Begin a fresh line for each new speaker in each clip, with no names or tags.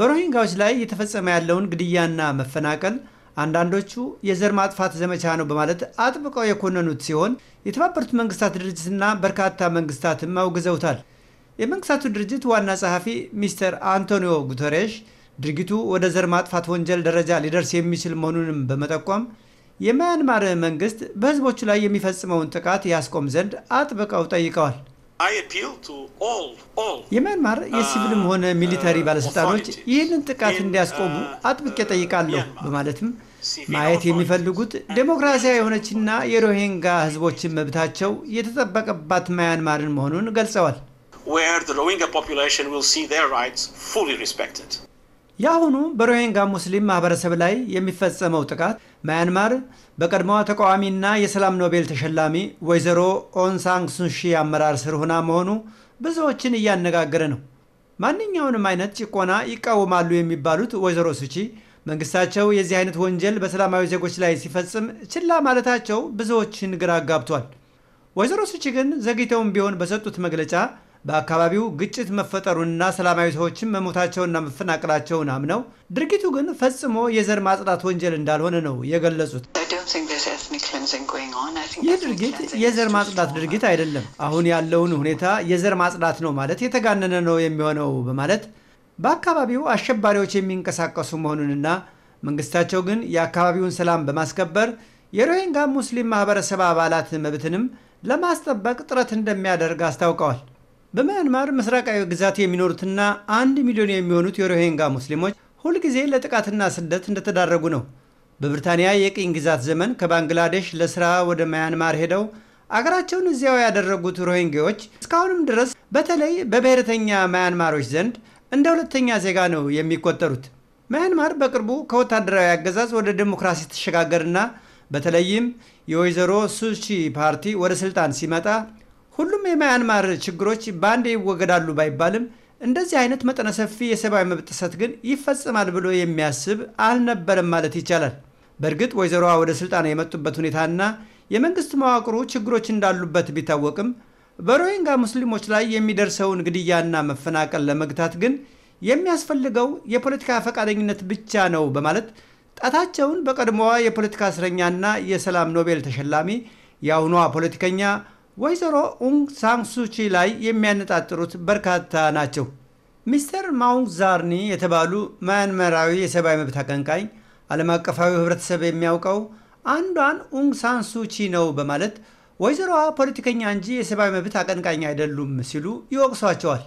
በሮሂንጋዎች ላይ እየተፈጸመ ያለውን ግድያና መፈናቀል አንዳንዶቹ የዘር ማጥፋት ዘመቻ ነው በማለት አጥብቀው የኮነኑት ሲሆን የተባበሩት መንግስታት ድርጅትና በርካታ መንግስታትም አውግዘውታል። የመንግስታቱ ድርጅት ዋና ጸሐፊ ሚስተር አንቶኒዮ ጉተሬሽ ድርጊቱ ወደ ዘር ማጥፋት ወንጀል ደረጃ ሊደርስ የሚችል መሆኑንም በመጠቆም የሚያንማር መንግስት በህዝቦቹ ላይ የሚፈጽመውን ጥቃት ያስቆም ዘንድ አጥብቀው ጠይቀዋል። የማይንማር uh, የሲቪልም ሆነ ሚሊተሪ uh, ባለስልጣኖች ይህንን ጥቃት እንዲያስቆሙ uh, አጥብቄ ጠይቃለሁ በማለትም ማየት የሚፈልጉት ዴሞክራሲያዊ የሆነችና የሮሂንጋ ህዝቦችን መብታቸው የተጠበቀባት ማያንማርን መሆኑን ገልጸዋል። የአሁኑ በሮሂንጋ ሙስሊም ማህበረሰብ ላይ የሚፈጸመው ጥቃት ማያንማር በቀድሞዋ ተቃዋሚና የሰላም ኖቤል ተሸላሚ ወይዘሮ ኦንሳንሱሺ አመራር ስር ሆና መሆኑ ብዙዎችን እያነጋገረ ነው። ማንኛውንም አይነት ጭቆና ይቃወማሉ የሚባሉት ወይዘሮ ሱቺ መንግስታቸው የዚህ አይነት ወንጀል በሰላማዊ ዜጎች ላይ ሲፈጽም ችላ ማለታቸው ብዙዎችን ግራ አጋብቷል። ወይዘሮ ሱቺ ግን ዘግይተውም ቢሆን በሰጡት መግለጫ በአካባቢው ግጭት መፈጠሩንና ሰላማዊ ሰዎችን መሞታቸውና መፈናቀላቸውን አምነው ድርጊቱ ግን ፈጽሞ የዘር ማጽዳት ወንጀል እንዳልሆነ ነው የገለጹት። ይህ ድርጊት የዘር ማጽዳት ድርጊት አይደለም፣ አሁን ያለውን ሁኔታ የዘር ማጽዳት ነው ማለት የተጋነነ ነው የሚሆነው በማለት በአካባቢው አሸባሪዎች የሚንቀሳቀሱ መሆኑንና መንግስታቸው ግን የአካባቢውን ሰላም በማስከበር የሮሂንጋ ሙስሊም ማህበረሰብ አባላት መብትንም ለማስጠበቅ ጥረት እንደሚያደርግ አስታውቀዋል። በመያንማር ምስራቃዊ ግዛት የሚኖሩትና አንድ ሚሊዮን የሚሆኑት የሮሂንጋ ሙስሊሞች ሁልጊዜ ለጥቃትና ስደት እንደተዳረጉ ነው። በብሪታንያ የቅኝ ግዛት ዘመን ከባንግላዴሽ ለስራ ወደ ማያንማር ሄደው አገራቸውን እዚያው ያደረጉት ሮሂንጌዎች እስካሁንም ድረስ በተለይ በብሔርተኛ መያንማሮች ዘንድ እንደ ሁለተኛ ዜጋ ነው የሚቆጠሩት። ማያንማር በቅርቡ ከወታደራዊ አገዛዝ ወደ ዴሞክራሲ ትሸጋገርና በተለይም የወይዘሮ ሱቺ ፓርቲ ወደ ስልጣን ሲመጣ ሁሉም የማያንማር ችግሮች በአንዴ ይወገዳሉ ባይባልም እንደዚህ አይነት መጠነ ሰፊ የሰብአዊ መብት ጥሰት ግን ይፈጸማል ብሎ የሚያስብ አልነበረም ማለት ይቻላል። በእርግጥ ወይዘሮዋ ወደ ስልጣን የመጡበት ሁኔታና የመንግስት መዋቅሩ ችግሮች እንዳሉበት ቢታወቅም በሮሂንጋ ሙስሊሞች ላይ የሚደርሰውን ግድያና መፈናቀል ለመግታት ግን የሚያስፈልገው የፖለቲካ ፈቃደኝነት ብቻ ነው በማለት ጣታቸውን በቀድሞዋ የፖለቲካ እስረኛና የሰላም ኖቤል ተሸላሚ የአሁኗ ፖለቲከኛ ወይዘሮ ኡንግ ሳንሱቺ ላይ የሚያነጣጥሩት በርካታ ናቸው። ሚስተር ማውንግ ዛርኒ የተባሉ ማያንመራዊ የሰብአዊ መብት አቀንቃኝ ዓለም አቀፋዊ ህብረተሰብ የሚያውቀው አንዷን ኡንግ ሳንሱቺ ነው በማለት ወይዘሮዋ ፖለቲከኛ እንጂ የሰብአዊ መብት አቀንቃኝ አይደሉም ሲሉ ይወቅሷቸዋል።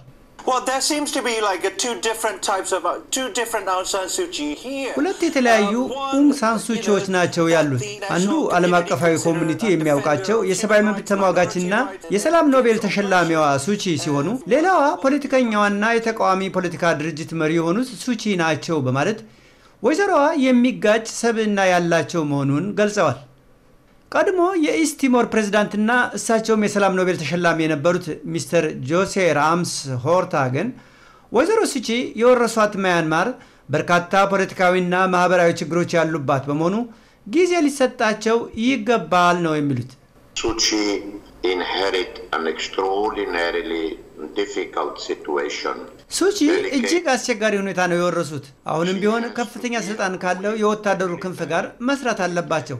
ሁለት የተለያዩ ኡንግ uh, ሱቺዎች ናቸው ያሉት። አንዱ ዓለም አቀፋዊ ኮሚኒቲ የሚያውቃቸው የሰብአዊ መብት ተሟጋችና የሰላም ኖቤል ተሸላሚዋ ሱቺ ሲሆኑ፣ ሌላዋ ፖለቲከኛዋና የተቃዋሚ ፖለቲካ ድርጅት መሪ የሆኑት ሱቺ ናቸው በማለት ወይዘሮዋ የሚጋጭ ሰብዕና ያላቸው መሆኑን ገልጸዋል። ቀድሞ የኢስት ቲሞር ፕሬዝዳንትና እሳቸውም የሰላም ኖቤል ተሸላሚ የነበሩት ሚስተር ጆሴ ራምስ ሆርታ ግን ወይዘሮ ሱቺ የወረሷት ማያንማር በርካታ ፖለቲካዊና ማህበራዊ ችግሮች ያሉባት በመሆኑ ጊዜ ሊሰጣቸው ይገባል ነው የሚሉት። ሱቺ እጅግ አስቸጋሪ ሁኔታ ነው የወረሱት። አሁንም ቢሆን ከፍተኛ ስልጣን ካለው የወታደሩ ክንፍ ጋር መስራት አለባቸው።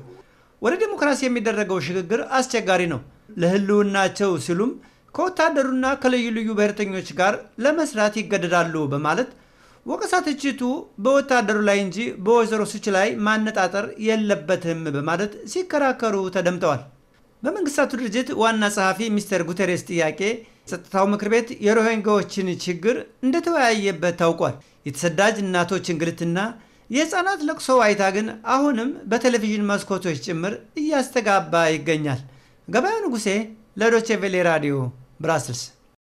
ወደ ዴሞክራሲ የሚደረገው ሽግግር አስቸጋሪ ነው። ለህልውናቸው ሲሉም ከወታደሩና ከልዩ ልዩ ብሔርተኞች ጋር ለመስራት ይገደዳሉ በማለት ወቀሳ ትችቱ በወታደሩ ላይ እንጂ በወይዘሮ ስች ላይ ማነጣጠር የለበትም በማለት ሲከራከሩ ተደምጠዋል። በመንግስታቱ ድርጅት ዋና ጸሐፊ ሚስተር ጉተሬስ ጥያቄ ጸጥታው ምክር ቤት የሮሂንጋዎችን ችግር እንደተወያየበት ታውቋል። የተሰዳጅ እናቶች እንግልትና የሕፃናት ለቅሶ ዋይታ ግን አሁንም በቴሌቪዥን መስኮቶች ጭምር እያስተጋባ ይገኛል። ገበያው ንጉሴ ለዶቼቬሌ ራዲዮ ብራስልስ